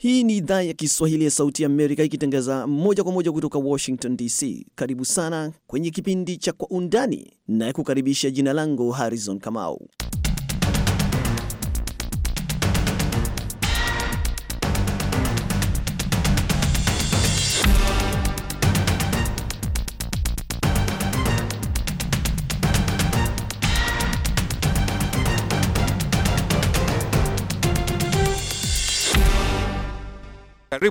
Hii ni idhaa ya Kiswahili ya Sauti ya Amerika ikitangaza moja kwa moja kutoka Washington DC. Karibu sana kwenye kipindi cha Kwa Undani, na kukaribisha, jina langu Harrison Kamau.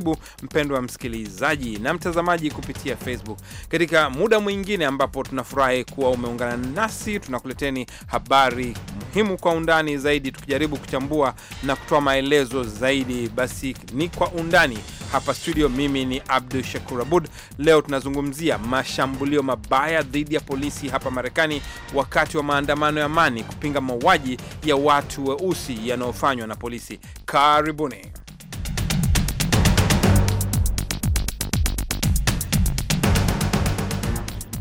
karibu mpendwa msikilizaji na mtazamaji kupitia Facebook katika muda mwingine ambapo tunafurahi kuwa umeungana nasi. Tunakuleteni habari muhimu kwa undani zaidi, tukijaribu kuchambua na kutoa maelezo zaidi. Basi ni kwa undani hapa studio. Mimi ni Abdu Shakur Abud. Leo tunazungumzia mashambulio mabaya dhidi ya polisi hapa Marekani wakati wa maandamano ya amani kupinga mauaji ya watu weusi yanayofanywa na polisi. Karibuni.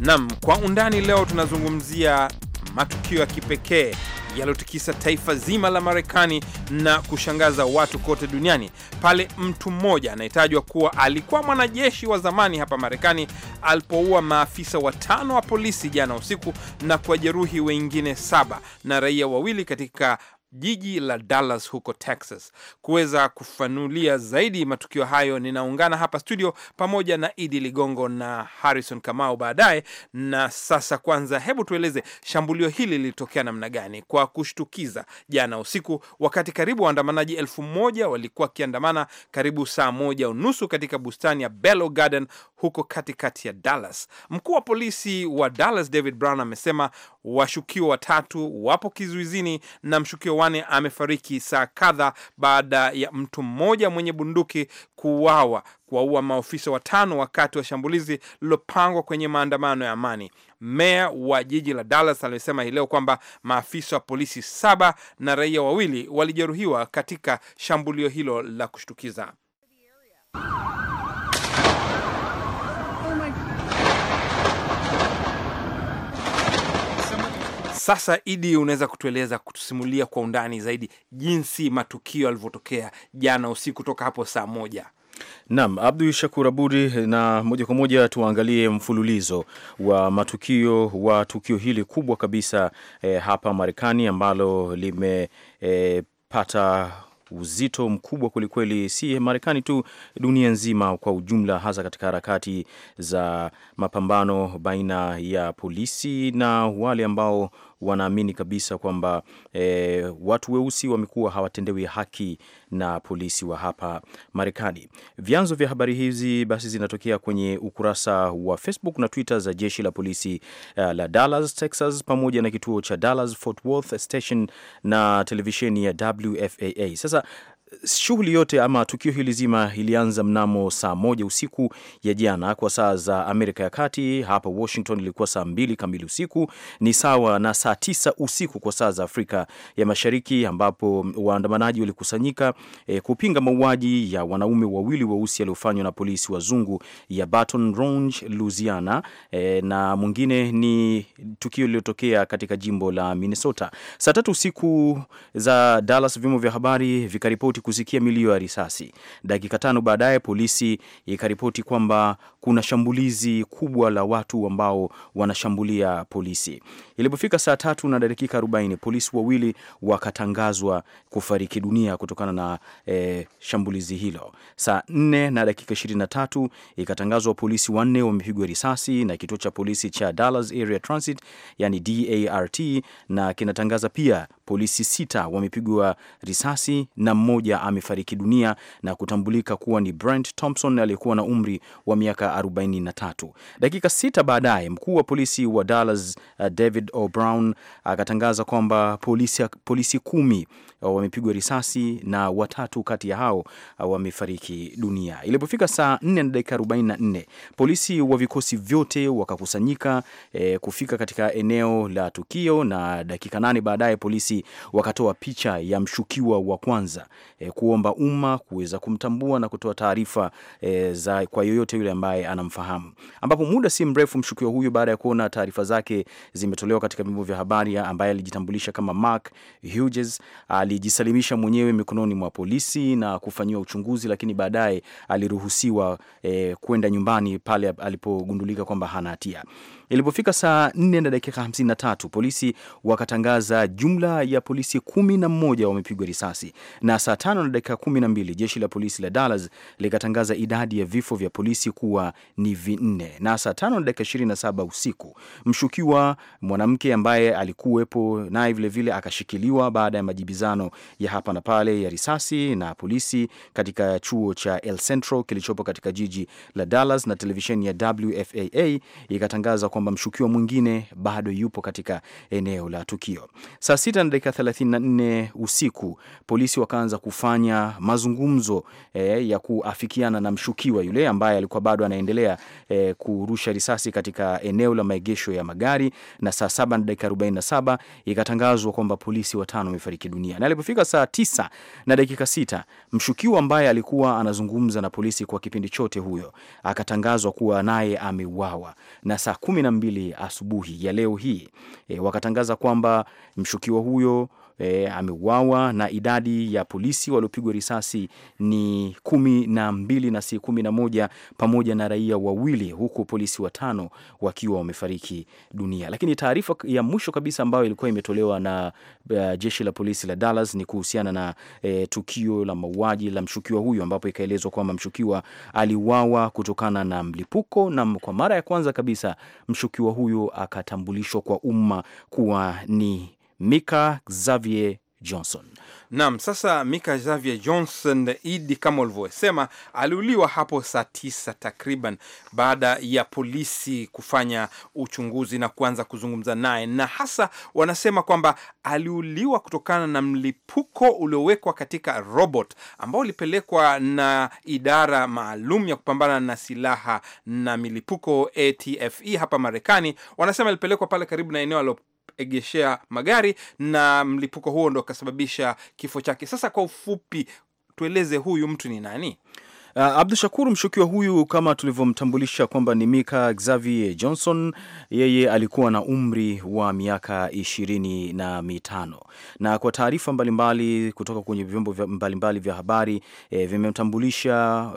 Naam, kwa undani leo tunazungumzia matukio ya kipekee yaliyotikisa taifa zima la Marekani na kushangaza watu kote duniani pale mtu mmoja anayetajwa kuwa alikuwa mwanajeshi wa zamani hapa Marekani alipoua maafisa watano wa polisi jana usiku na kuwajeruhi wengine saba na raia wawili katika jiji la Dallas huko Texas. Kuweza kufanulia zaidi matukio hayo, ninaungana hapa studio pamoja na Idi Ligongo na Harrison Kamau baadaye. Na sasa kwanza, hebu tueleze shambulio hili lilitokea namna gani? Kwa kushtukiza jana usiku, wakati karibu waandamanaji elfu moja walikuwa wakiandamana karibu saa moja unusu katika bustani ya Bello Garden huko katikati ya Dallas. Mkuu wa polisi wa Dallas David Brown amesema washukiwa watatu wapo kizuizini na mshukiwa wane amefariki saa kadha baada ya mtu mmoja mwenye bunduki kuuawa kuwaua maofisa watano wakati wa shambulizi lililopangwa kwenye maandamano ya amani. Meya wa jiji la Dallas alisema hii leo kwamba maafisa wa polisi saba na raia wawili walijeruhiwa katika shambulio hilo la kushtukiza. Sasa Idi, unaweza kutueleza, kutusimulia kwa undani zaidi jinsi matukio yalivyotokea jana usiku toka hapo saa moja? Naam, Abdu Shakur Abudi, na moja kwa moja tuangalie mfululizo wa matukio wa tukio hili kubwa kabisa eh, hapa Marekani ambalo limepata eh, uzito mkubwa kwelikweli, si Marekani tu, dunia nzima kwa ujumla, hasa katika harakati za mapambano baina ya polisi na wale ambao wanaamini kabisa kwamba e, watu weusi wamekuwa hawatendewi haki na polisi wa hapa Marekani. Vyanzo vya habari hizi basi zinatokea kwenye ukurasa wa Facebook na Twitter za jeshi la polisi uh, la Dallas, Texas pamoja na kituo cha Dallas Fort Worth Station na televisheni ya WFAA. Sasa Shughuli yote ama tukio hili zima ilianza mnamo saa moja usiku ya jana kwa saa za Amerika ya Kati. Hapa Washington ilikuwa saa mbili kamili usiku, ni sawa na saa tisa usiku kwa saa za Afrika ya Mashariki, ambapo waandamanaji walikusanyika e, kupinga mauaji ya wanaume wawili weusi yaliyofanywa na polisi wazungu ya Baton Rouge, Louisiana, e, na mwingine ni tukio lililotokea katika jimbo la Minnesota. Saa tatu usiku za Dallas, vyombo vya habari vikaripoti ikaripoti kusikia milio ya risasi. Dakika tano baadaye polisi ikaripoti kwamba kuna shambulizi kubwa la watu ambao wanashambulia polisi. Ilipofika saa tatu na dakika arobaini, polisi wawili wakatangazwa kufariki dunia kutokana na e, shambulizi hilo. Saa 4 na dakika 23 ikatangazwa polisi wanne wamepigwa risasi na kituo cha polisi cha Dallas Area Transit yani DART, na kinatangaza pia polisi sita wamepigwa risasi na mmoja amefariki dunia na kutambulika kuwa ni Brent Thompson aliyekuwa na umri wa miaka 43. Dakika sita baadaye mkuu wa polisi wa Dallas, uh, David O'Brown akatangaza kwamba polisi, polisi kumi Uh, wamepigwa risasi na watatu kati ya hao uh, wamefariki dunia. Ilipofika saa 4 na dakika 44 polisi wa vikosi vyote wakakusanyika e, kufika katika eneo la tukio, na dakika nane baadaye polisi wakatoa picha ya mshukiwa wa kwanza e, kuomba umma kuweza kumtambua na kutoa taarifa e, za kwa yoyote yule ambaye anamfahamu, ambapo muda si mrefu mshukiwa huyo baada ya kuona taarifa zake zimetolewa katika vyombo vya habari, ambaye alijitambulisha kama Mark Hughes ali alijisalimisha mwenyewe mikononi mwa polisi na kufanyiwa uchunguzi, lakini baadaye aliruhusiwa eh, kwenda nyumbani pale alipogundulika kwamba hana hatia. Ilipofika saa 4 na dakika 53 polisi wakatangaza jumla ya polisi 11 wamepigwa risasi, na saa tano na dakika 12 jeshi la polisi la Dallas likatangaza idadi ya vifo vya polisi kuwa ni vinne, na saa tano na dakika 27 usiku mshukiwa mwanamke ambaye alikuwepo naye vilevile akashikiliwa baada ya majibizano ya hapa na pale ya risasi na polisi katika chuo cha El Centro kilichopo katika jiji la Dallas, na televisheni ya WFAA ikatangaza kwamba mshukiwa mwingine bado yupo katika eneo la tukio. Saa sita na dakika 34 usiku polisi wakaanza kufanya mazungumzo eh, ya kuafikiana na mshukiwa yule ambaye alikuwa bado anaendelea eh, kurusha risasi katika eneo la maegesho ya magari, na saa saba na dakika 47 ikatangazwa kwamba polisi watano wamefariki dunia, na alipofika saa tisa na dakika sita mshukiwa ambaye alikuwa anazungumza na polisi kwa kipindi chote huyo akatangazwa kuwa naye ameuawa na saa kumi 12 asubuhi ya leo hii e, wakatangaza kwamba mshukiwa huyo e, ameuawa na idadi ya polisi waliopigwa risasi ni kumi na mbili na si kumi na moja pamoja na raia wawili, huku polisi watano wakiwa wamefariki dunia. Lakini taarifa ya mwisho kabisa ambayo ilikuwa imetolewa na uh, jeshi la polisi la Dallas ni kuhusiana na e, tukio la mauaji la mshukiwa huyo, ambapo ikaelezwa kwamba mshukiwa aliuawa kutokana na mlipuko, na kwa mara ya kwanza kabisa mshukiwa huyo akatambulishwa kwa umma kuwa ni Mika Xavier Johnson. Naam, sasa Mika Xavier Johnson Idi, kama ulivyosema, aliuliwa hapo saa tisa takriban, baada ya polisi kufanya uchunguzi na kuanza kuzungumza naye, na hasa wanasema kwamba aliuliwa kutokana na mlipuko uliowekwa katika robot ambao ulipelekwa na idara maalum ya kupambana na silaha na milipuko ATFE hapa Marekani. Wanasema alipelekwa pale karibu na eneo kuegeshea magari, na mlipuko huo ndo ukasababisha kifo chake. Sasa kwa ufupi, tueleze huyu mtu ni nani? Uh, Abdu Shakur, mshukiwa huyu kama tulivyomtambulisha kwamba ni Mika Xavier Johnson, yeye alikuwa na umri wa miaka ishirini na mitano na kwa taarifa mbalimbali kutoka kwenye vyombo mbalimbali vya habari eh, vimemtambulisha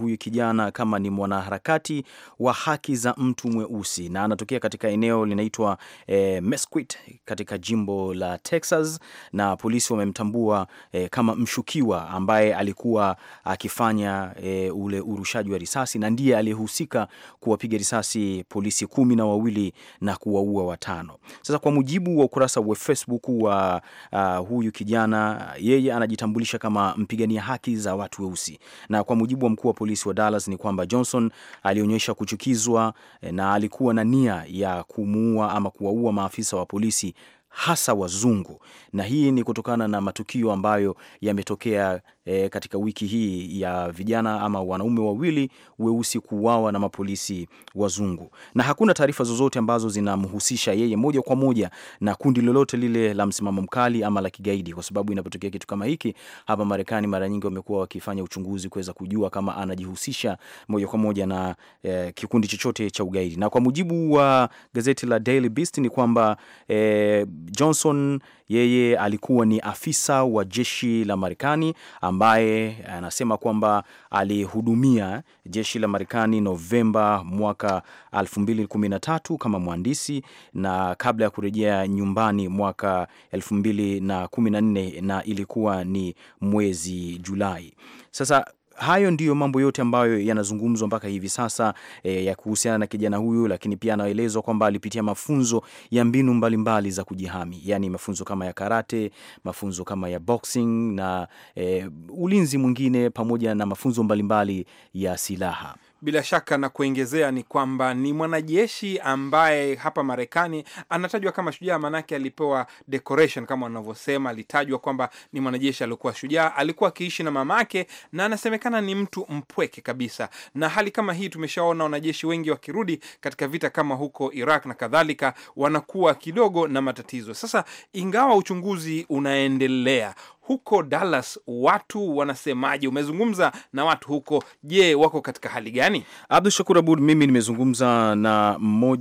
huyu kijana kama ni mwanaharakati wa haki za mtu mweusi na anatokea katika eneo linaitwa eh, Mesquite katika jimbo la Texas, na polisi wamemtambua eh, kama mshukiwa ambaye alikuwa akifanya e, ule urushaji wa risasi na ndiye aliyehusika kuwapiga risasi polisi kumi na wawili na kuwaua watano. Sasa kwa mujibu wa ukurasa wa Facebook wa uh, huyu kijana, yeye anajitambulisha kama mpigania haki za watu weusi, na kwa mujibu wa mkuu wa polisi wa Dallas ni kwamba Johnson alionyesha kuchukizwa e, na alikuwa na nia ya kumuua ama kuwaua maafisa wa polisi hasa wazungu, na hii ni kutokana na matukio ambayo yametokea e, katika wiki hii ya vijana ama wanaume wawili weusi kuuawa na mapolisi wazungu, na hakuna taarifa zozote ambazo zinamhusisha yeye moja kwa moja na kundi lolote lile la msimamo mkali ama la kigaidi, kwa sababu inapotokea kitu kama hiki hapa Marekani mara nyingi wamekuwa wakifanya uchunguzi kuweza kujua kama anajihusisha moja kwa moja na e, kikundi chochote cha ugaidi. Na kwa mujibu wa gazeti la Daily Beast ni kwamba e, Johnson yeye alikuwa ni afisa wa jeshi la Marekani ambaye anasema kwamba alihudumia jeshi la Marekani Novemba mwaka 2013 kama mhandisi na kabla ya kurejea nyumbani mwaka 2014 na, na ilikuwa ni mwezi Julai. Sasa hayo ndiyo mambo yote ambayo yanazungumzwa mpaka hivi sasa e, ya kuhusiana na kijana huyu, lakini pia anaelezwa kwamba alipitia mafunzo ya mbinu mbalimbali mbali za kujihami, yani mafunzo kama ya karate, mafunzo kama ya boxing na e, ulinzi mwingine pamoja na mafunzo mbalimbali mbali ya silaha. Bila shaka na kuongezea ni kwamba ni mwanajeshi ambaye hapa Marekani anatajwa kama shujaa, maanake alipewa decoration kama wanavyosema. Alitajwa kwamba ni mwanajeshi aliokuwa shujaa, alikuwa akiishi na mamake, na anasemekana ni mtu mpweke kabisa. Na hali kama hii tumeshaona wanajeshi wengi wakirudi katika vita kama huko Iraq na kadhalika, wanakuwa kidogo na matatizo. Sasa ingawa uchunguzi unaendelea huko Dallas watu wanasemaje? Umezungumza na watu huko, je, wako katika hali gani? Abdu Shakur Abud, mimi nimezungumza na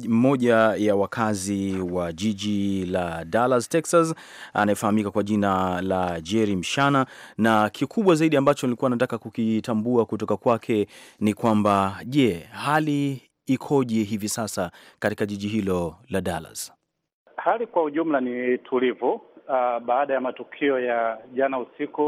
mmoja ya wakazi wa jiji la Dallas, Texas, anayefahamika kwa jina la Jerry Mshana, na kikubwa zaidi ambacho nilikuwa nataka kukitambua kutoka kwake ni kwamba, je, hali ikoje hivi sasa katika jiji hilo la Dallas? Hali kwa ujumla ni tulivu uh, baada ya matukio ya jana usiku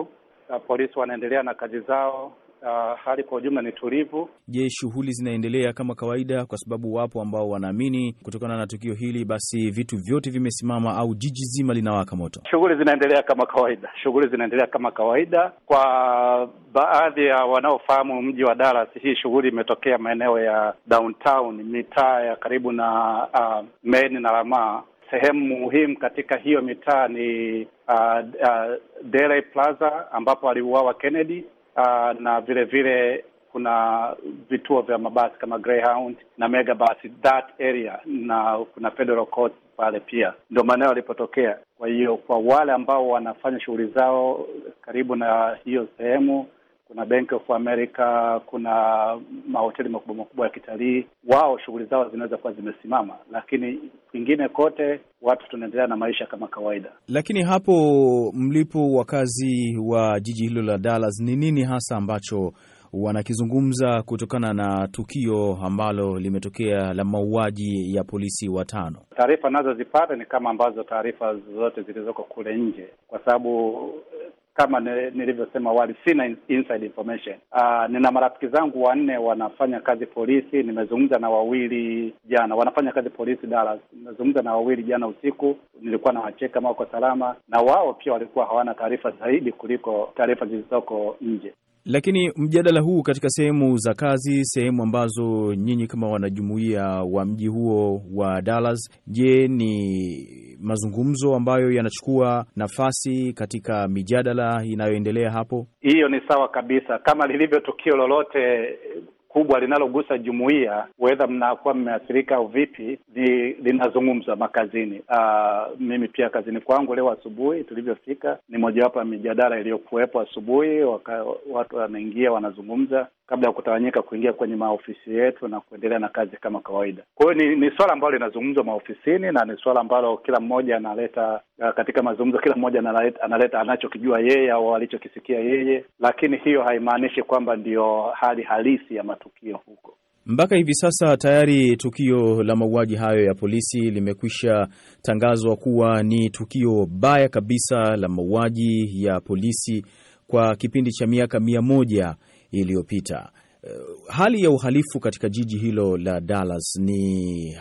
uh, polisi wanaendelea na kazi zao. Uh, hali kwa ujumla ni tulivu. Je, shughuli zinaendelea kama kawaida? Kwa sababu wapo ambao wanaamini kutokana na tukio hili basi vitu vyote vimesimama au jiji zima linawaka moto. Shughuli zinaendelea kama kawaida, shughuli zinaendelea kama kawaida. Kwa baadhi ya wanaofahamu mji wa Dallas, hii shughuli imetokea maeneo ya downtown, mitaa ya karibu na uh, Main na Lamar sehemu muhimu katika hiyo mitaa ni uh, uh, Dere Plaza ambapo aliuawa Kennedy uh, na vile vile kuna vituo vya mabasi kama Greyhound na Megabus that area, na kuna Federal Court pale pia ndio maeneo alipotokea. Kwa hiyo kwa wale ambao wanafanya shughuli zao karibu na hiyo sehemu kuna Bank of America, kuna mahoteli makubwa makubwa ya kitalii, wao shughuli zao zinaweza kuwa zimesimama, lakini kwingine kote watu tunaendelea na maisha kama kawaida. Lakini hapo mlipo, wakazi wa jiji hilo la Dallas, ni nini hasa ambacho wanakizungumza kutokana na tukio ambalo limetokea la mauaji ya polisi watano. Taarifa nazozipata ni kama ambazo taarifa zote zilizoko kule nje, kwa sababu kama nilivyosema awali, sina inside information. Uh, nina marafiki zangu wanne wanafanya kazi polisi. Nimezungumza na wawili jana, wanafanya kazi polisi Dallas. Nimezungumza na wawili jana usiku, nilikuwa nawacheka wacheka wako salama, na wao pia walikuwa hawana taarifa zaidi kuliko taarifa zilizoko nje. Lakini mjadala huu katika sehemu za kazi, sehemu ambazo nyinyi kama wanajumuia wa mji huo wa Dallas, je, ni mazungumzo ambayo yanachukua nafasi katika mijadala inayoendelea hapo? Hiyo ni sawa kabisa, kama lilivyo tukio lolote kubwa linalogusa jumuiya, wedha mnakuwa mmeathirika au vipi, linazungumzwa makazini. Aa, ah, mimi pia kazini kwangu leo asubuhi tulivyofika, ni mojawapo ya mijadala iliyokuwepo asubuhi, watu wanaingia wanazungumza kabla ya kutawanyika kuingia kwenye maofisi yetu na kuendelea na kazi kama kawaida. Kwa hiyo ni, ni swala ambalo linazungumzwa maofisini na ni swala ambalo kila mmoja analeta uh, katika mazungumzo, kila mmoja analeta, analeta anachokijua yeye au alichokisikia yeye, lakini hiyo haimaanishi kwamba ndiyo hali halisi ya matukio huko. Mpaka hivi sasa tayari tukio la mauaji hayo ya polisi limekwisha tangazwa kuwa ni tukio baya kabisa la mauaji ya polisi kwa kipindi cha miaka mia moja iliyopita. Eh, hali ya uhalifu katika jiji hilo la Dallas ni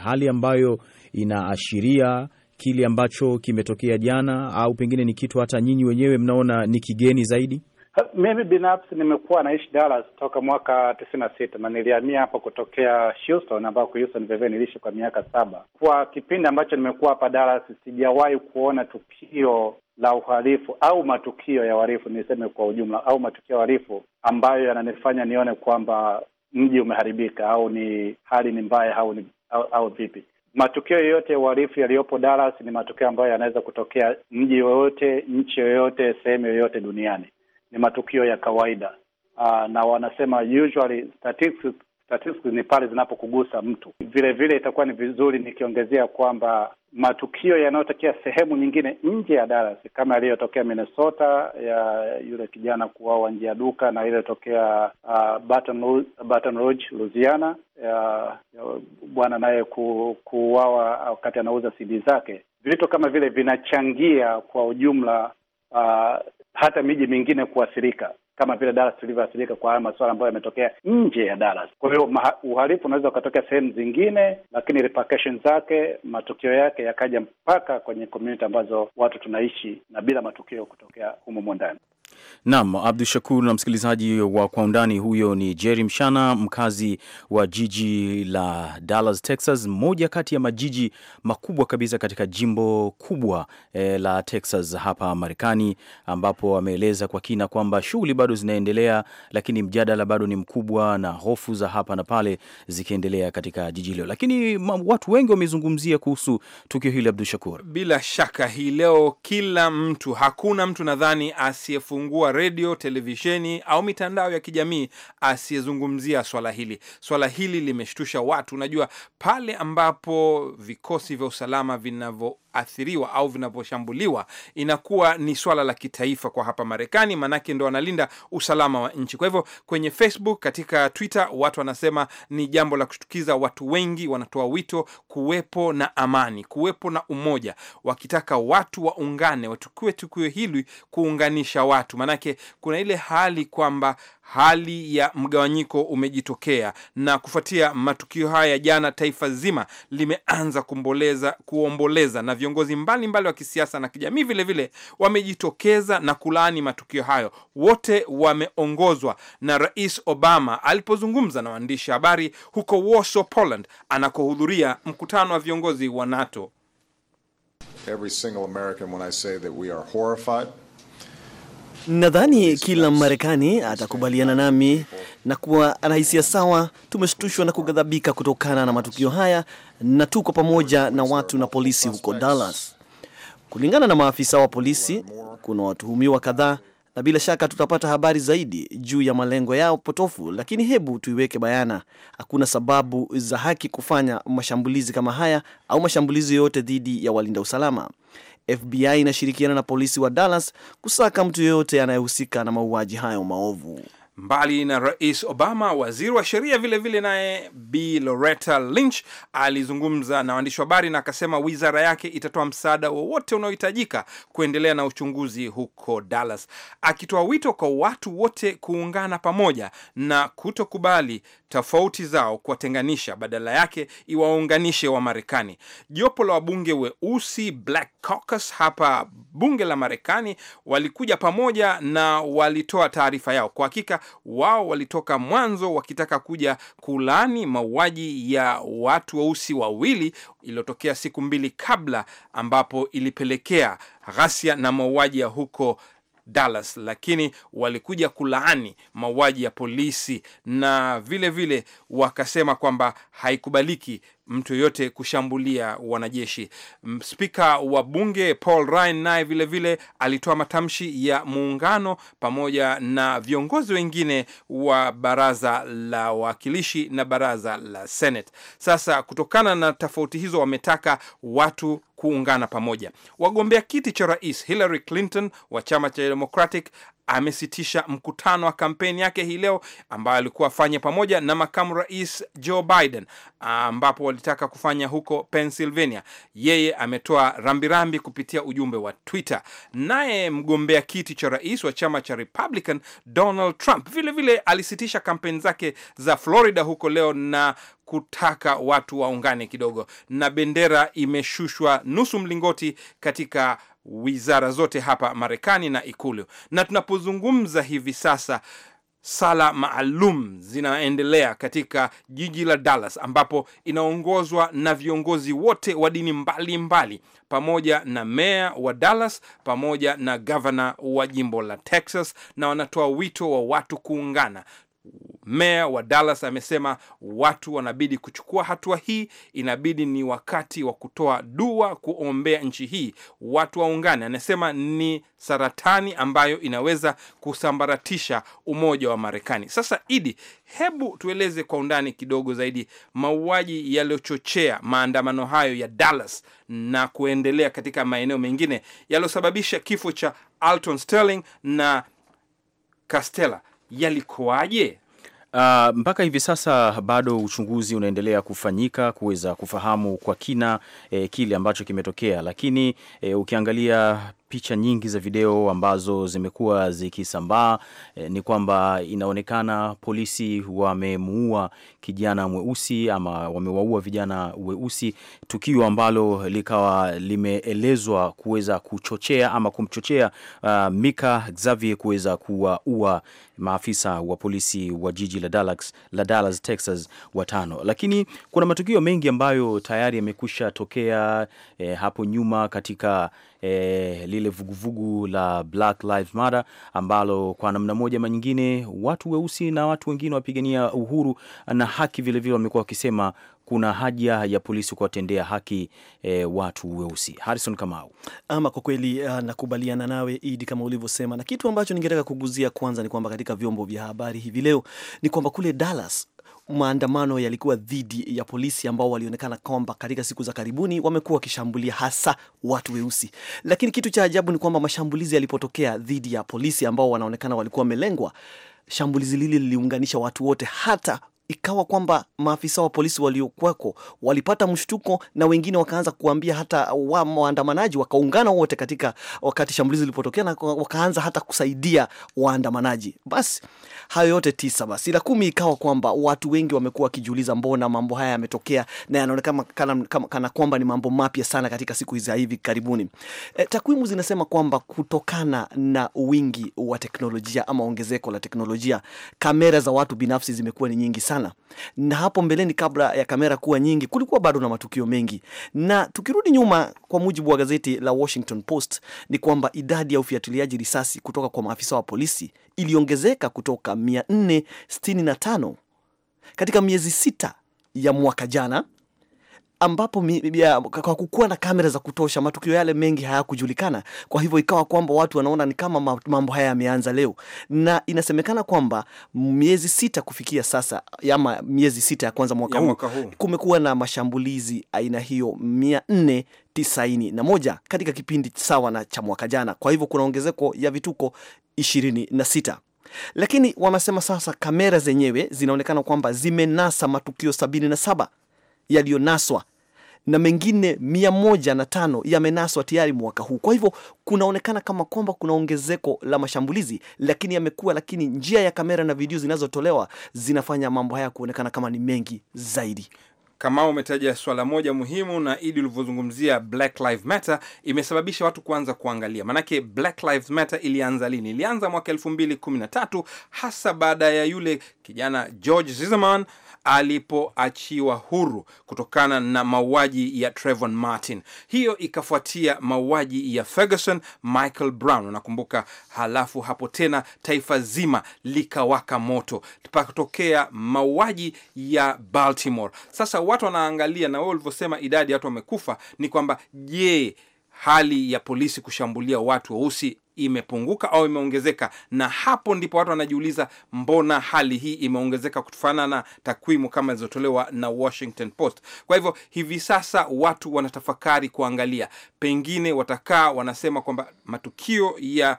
hali ambayo inaashiria kile ambacho kimetokea jana, au pengine ni kitu hata nyinyi wenyewe mnaona ni kigeni zaidi? Mimi binafsi nimekuwa naishi Dallas toka mwaka tisini na sita na nilihamia hapa kutokea Houston, ambako Houston vivyo niliishi kwa miaka saba. Kwa kipindi ambacho nimekuwa hapa Dallas, sijawahi kuona tukio la uhalifu au matukio ya uhalifu, niseme kwa ujumla, au matukio ya uhalifu ambayo yananifanya nione kwamba mji umeharibika au ni hali ni mbaya au ni au, au vipi. Matukio yoyote ya uhalifu yaliyopo Dallas ni matukio ambayo yanaweza kutokea mji yoyote, nchi yoyote, sehemu yoyote duniani. Ni matukio ya kawaida. Aa, na wanasema usually statistics, statistics ni pale zinapokugusa mtu. Vile vile itakuwa ni vizuri nikiongezea kwamba matukio yanayotokea sehemu nyingine nje ya Dallas kama yaliyotokea Minnesota ya yule kijana kuuawa nje ya duka na iliyotokea uh, Baton, Baton Rouge, Louisiana ya bwana naye ku, kuuawa uh, wakati anauza CD zake. Vitu kama vile vinachangia kwa ujumla uh, hata miji mingine kuathirika kama vile Dallas tulivyoathirika kwa haya masuala ambayo yametokea nje ya Dallas. Kwa hiyo uhalifu unaweza ukatokea sehemu zingine, lakini zake, matukio yake yakaja mpaka kwenye community ambazo watu tunaishi na bila matukio kutokea humo ndani. Naam, Abdu Shakur na msikilizaji wa Kwa Undani, huyo ni Jerry Mshana, mkazi wa jiji la Dallas, Texas, moja kati ya majiji makubwa kabisa katika jimbo kubwa e, la Texas hapa Marekani, ambapo ameeleza kwa kina kwamba shughuli bado zinaendelea, lakini mjadala bado ni mkubwa na hofu za hapa na pale zikiendelea katika jiji hilo. Lakini watu wengi wamezungumzia kuhusu tukio hili, Abdu Shakur. Bila shaka hii leo kila mtu, hakuna mtu nadhani asiyefu kufungua redio, televisheni au mitandao ya kijamii asiyezungumzia swala hili. Swala hili limeshtusha watu. Unajua, pale ambapo vikosi vya usalama vinavyo vinavyoathiriwa au vinavyoshambuliwa inakuwa ni swala la kitaifa kwa hapa Marekani, manake ndo wanalinda usalama wa nchi. Kwa hivyo kwenye Facebook, katika Twitter watu wanasema ni jambo la kushtukiza. Watu wengi wanatoa wito kuwepo na amani, kuwepo na umoja, wakitaka watu waungane, watukue tukio hili kuunganisha watu, manake kuna ile hali kwamba hali ya mgawanyiko umejitokea, na kufuatia matukio haya jana, taifa zima limeanza kumboleza, kuomboleza na viongozi mbalimbali wa kisiasa na kijamii vilevile wamejitokeza na kulaani matukio hayo. Wote wameongozwa na Rais Obama alipozungumza na waandishi habari huko Warsaw, Poland, anakohudhuria mkutano wa viongozi wa NATO. Every single American, when I say that we are horrified Nadhani kila Marekani atakubaliana nami na kuwa anahisia sawa. Tumeshtushwa na kughadhabika kutokana na matukio haya, na tuko pamoja na watu na polisi huko Dallas. Kulingana na maafisa wa polisi, kuna watuhumiwa kadhaa, na bila shaka tutapata habari zaidi juu ya malengo yao potofu, lakini hebu tuiweke bayana, hakuna sababu za haki kufanya mashambulizi kama haya au mashambulizi yoyote dhidi ya walinda usalama. FBI inashirikiana na polisi wa Dallas kusaka mtu yeyote anayehusika na mauaji hayo maovu. Mbali na Rais Obama, waziri wa sheria vilevile naye Bi Loretta Lynch alizungumza na waandishi wa habari na akasema wizara yake itatoa msaada wowote unaohitajika kuendelea na uchunguzi huko Dallas, akitoa wito kwa watu wote kuungana pamoja na kutokubali tofauti zao kuwatenganisha, badala yake iwaunganishe Wamarekani. Jopo la wabunge weusi Black Caucus hapa bunge la Marekani walikuja pamoja na walitoa taarifa yao. Kwa hakika wao walitoka mwanzo wakitaka kuja kulaani mauaji ya watu weusi wawili iliyotokea siku mbili kabla, ambapo ilipelekea ghasia na mauaji ya huko Dallas, lakini walikuja kulaani mauaji ya polisi na vile vile wakasema kwamba haikubaliki mtu yoyote kushambulia wanajeshi. Spika wa bunge Paul Ryan naye vilevile alitoa matamshi ya muungano pamoja na viongozi wengine wa baraza la wawakilishi na baraza la Senate. Sasa kutokana na tofauti hizo, wametaka watu kuungana pamoja. Wagombea kiti cha rais Hillary Clinton wa chama cha Democratic amesitisha mkutano wa kampeni yake hii leo ambayo alikuwa afanya pamoja na makamu rais Joe Biden, ambapo walitaka kufanya huko Pennsylvania. Yeye ametoa rambirambi kupitia ujumbe wa Twitter. Naye mgombea kiti cha rais wa chama cha Republican Donald Trump vilevile vile alisitisha kampeni zake za Florida huko leo na kutaka watu waungane kidogo, na bendera imeshushwa nusu mlingoti katika wizara zote hapa Marekani na Ikulu. Na tunapozungumza hivi sasa, sala maalum zinaendelea katika jiji la Dallas, ambapo inaongozwa na viongozi wote wa dini mbalimbali mbali, pamoja na meya wa Dallas pamoja na gavana wa jimbo la Texas, na wanatoa wito wa watu kuungana Meya wa Dallas amesema watu wanabidi kuchukua hatua hii, inabidi ni wakati wa kutoa dua, kuombea nchi hii, watu waungane. Anasema ni saratani ambayo inaweza kusambaratisha umoja wa Marekani. Sasa Idi, hebu tueleze kwa undani kidogo zaidi mauaji yaliyochochea maandamano hayo ya Dallas na kuendelea katika maeneo mengine yaliyosababisha kifo cha Alton Sterling na Castella yalikuwaje? Uh, mpaka hivi sasa bado uchunguzi unaendelea kufanyika kuweza kufahamu kwa kina eh, kile ambacho kimetokea, lakini eh, ukiangalia picha nyingi za video ambazo zimekuwa zikisambaa e, ni kwamba inaonekana polisi wamemuua kijana mweusi ama wamewaua vijana weusi, tukio ambalo likawa limeelezwa kuweza kuchochea ama kumchochea uh, Mika Xavier kuweza kuwaua maafisa wa polisi wa jiji la Dallas, la Dallas Texas watano. Lakini kuna matukio mengi ambayo tayari yamekwisha tokea e, hapo nyuma katika e, lile vuguvugu la Black Lives Matter ambalo kwa namna moja ama nyingine watu weusi na watu wengine wapigania uhuru na haki vilevile wamekuwa wakisema kuna haja ya polisi kuwatendea haki e, watu weusi. Harrison Kamau. Ama kwa kweli eh, nakubaliana nawe Idi, kama ulivyosema, na kitu ambacho ningetaka kuguzia kwanza ni kwamba katika vyombo vya habari hivi leo ni kwamba kule Dallas maandamano yalikuwa dhidi ya polisi ambao walionekana kwamba katika siku za karibuni wamekuwa wakishambulia hasa watu weusi. Lakini kitu cha ajabu ni kwamba mashambulizi yalipotokea dhidi ya polisi ambao wanaonekana walikuwa wamelengwa, shambulizi lile liliunganisha watu wote, hata ikawa kwamba maafisa wa polisi waliokuwako walipata mshtuko, na wengine wakaanza kuambia hata wa waandamanaji wakaungana wote katika wakati shambulizi lilipotokea, na wakaanza hata kusaidia waandamanaji. Basi hayo yote tisa, basi la kumi ikawa kwamba watu wengi wamekuwa wakijiuliza mbona mambo haya yametokea, na yanaonekana kana, kana, kana kwamba ni mambo mapya sana katika siku za hivi karibuni. E, takwimu zinasema kwamba kutokana na wingi wa teknolojia ama ongezeko la teknolojia, kamera za watu binafsi zimekuwa ni nyingi sana sana, na hapo mbeleni, kabla ya kamera kuwa nyingi, kulikuwa bado na matukio mengi. Na tukirudi nyuma, kwa mujibu wa gazeti la Washington Post ni kwamba idadi ya ufiatiliaji risasi kutoka kwa maafisa wa polisi iliongezeka kutoka 465 katika miezi sita ya mwaka jana ambapo kwa kukuwa na kamera za kutosha matukio yale mengi hayakujulikana. Kwa hivyo ikawa kwamba watu wanaona ni kama mambo haya yameanza leo, na inasemekana kwamba miezi sita kufikia sasa, ama miezi sita ya kwanza mwaka, huu kumekuwa na mashambulizi aina hiyo mia nne tisaini na moja katika kipindi sawa na cha mwaka jana. Kwa hivyo kuna ongezeko ya vituko ishirini na sita lakini wanasema sasa kamera zenyewe zinaonekana kwamba zimenasa matukio sabini na saba yaliyonaswa na mengine mia moja na tano yamenaswa tayari mwaka huu. Kwa hivyo kunaonekana kama kwamba kuna ongezeko la mashambulizi, lakini yamekuwa, lakini njia ya kamera na video zinazotolewa zinafanya mambo haya kuonekana kama ni mengi zaidi. Kama umetaja swala moja muhimu na Idi ulivyozungumzia Black Lives Matter, imesababisha watu kuanza kuangalia. Maanake Black Lives Matter ilianza lini? Ilianza mwaka elfu mbili kumi na tatu hasa baada ya yule kijana George Zimmerman alipoachiwa huru kutokana na mauaji ya Trayvon Martin. Hiyo ikafuatia mauaji ya Ferguson Michael Brown, unakumbuka. Halafu hapo tena taifa zima likawaka moto, pakatokea mauaji ya Baltimore. Sasa watu wanaangalia, na wewe ulivyosema, idadi ya watu wamekufa ni kwamba je, hali ya polisi kushambulia watu weusi imepunguka au imeongezeka, na hapo ndipo watu wanajiuliza, mbona hali hii imeongezeka kutofana na takwimu kama zilizotolewa na Washington Post. Kwa hivyo hivi sasa watu wanatafakari kuangalia, pengine watakaa wanasema kwamba matukio ya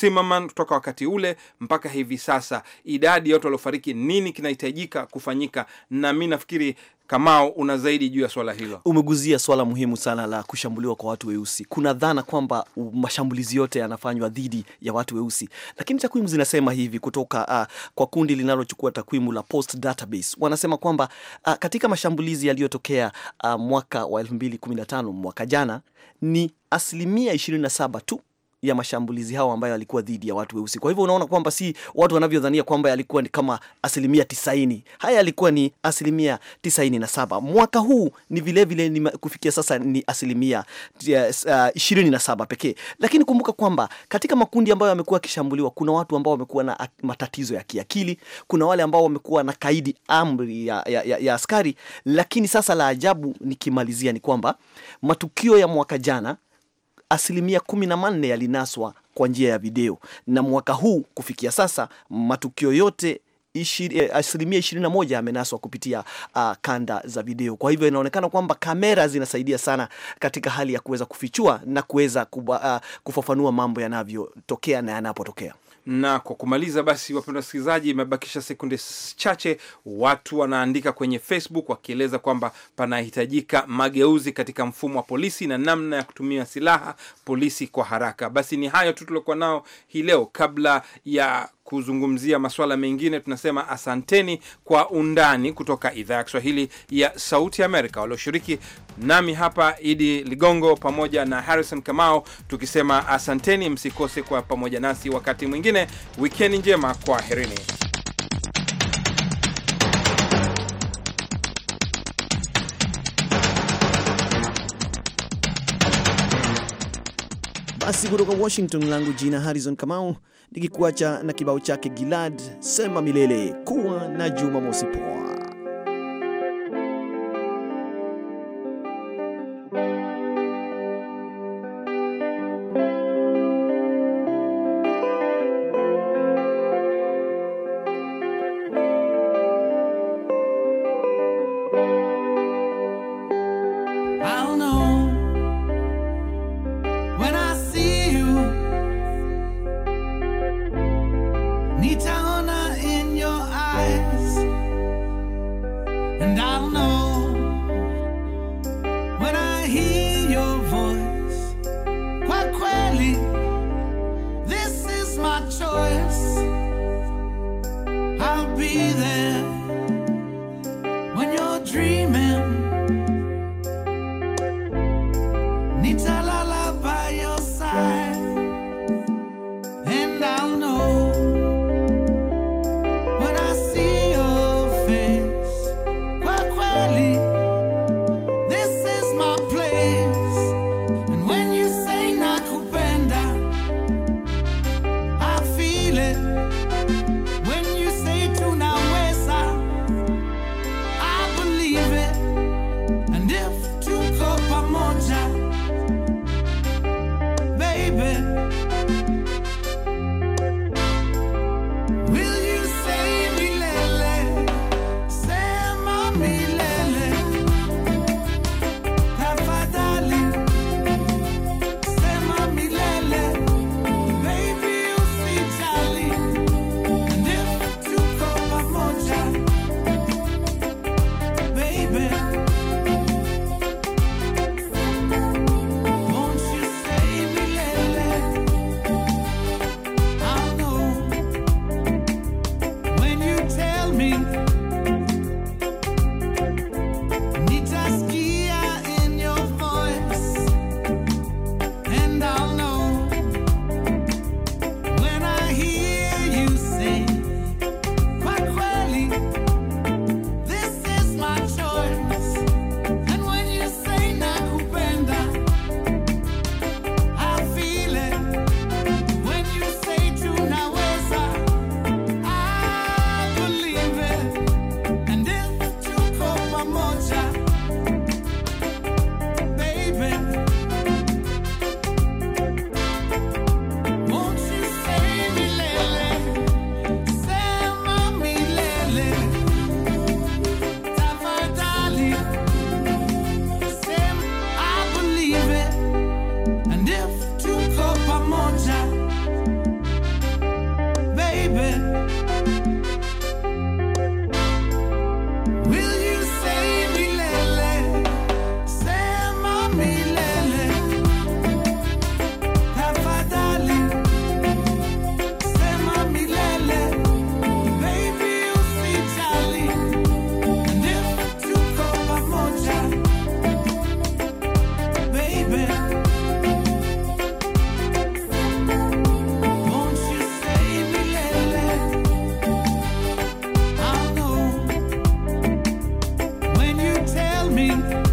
Zimmerman kutoka wakati ule mpaka hivi sasa, idadi ya watu waliofariki, nini kinahitajika kufanyika, na mi nafikiri Kamao una zaidi juu ya swala hilo. Umeguzia swala muhimu sana la kushambuliwa kwa watu weusi. Kuna dhana kwamba mashambulizi yote yanafanywa dhidi ya watu weusi, lakini takwimu zinasema hivi kutoka uh, kwa kundi linalochukua takwimu la Post Database wanasema kwamba uh, katika mashambulizi yaliyotokea uh, mwaka wa 2015 mwaka jana ni asilimia 27 tu ya mashambulizi hao ambayo yalikuwa dhidi ya watu weusi. Kwa hivyo unaona kwamba si watu wanavyodhania kwamba yalikuwa ni kama asilimia tisaini, haya yalikuwa ni asilimia tisaini na saba. Mwaka huu ni vilevile vile kufikia sasa ni asilimia eh, ah, ishirini na saba pekee, lakini kumbuka kwamba katika makundi ambayo yamekuwa yakishambuliwa kuna watu ambao wamekuwa na matatizo ya kiakili, kuna wale ambao wamekuwa na kaidi amri ya, ya, ya, ya askari. Lakini sasa la ajabu nikimalizia ni kwamba matukio ya mwaka jana asilimia kumi na manne yalinaswa kwa njia ya video, na mwaka huu kufikia sasa matukio yote eh, asilimia ishirini na moja amenaswa kupitia uh, kanda za video. Kwa hivyo inaonekana kwamba kamera zinasaidia sana katika hali ya kuweza kufichua na kuweza uh, kufafanua mambo yanavyotokea na yanapotokea. Na kwa kumaliza basi, wapendwa wasikilizaji, imebakisha sekunde chache. Watu wanaandika kwenye Facebook wakieleza kwamba panahitajika mageuzi katika mfumo wa polisi na namna ya kutumia silaha polisi kwa haraka. Basi ni hayo tu tuliokuwa nao hii leo, kabla ya kuzungumzia masuala mengine, tunasema asanteni kwa undani kutoka idhaa ya Kiswahili ya Sauti Amerika, walioshiriki nami hapa Idi Ligongo pamoja na Harrison Kamao, tukisema asanteni. Msikose kwa pamoja nasi wakati mwingine. Wikendi njema, kwaherini. Basi kutoka Washington, langu jina Harrison Kamau, nikikuacha na kibao chake Gilad sema milele. Kuwa na Jumamosi poa. my choice, I'll be there. free.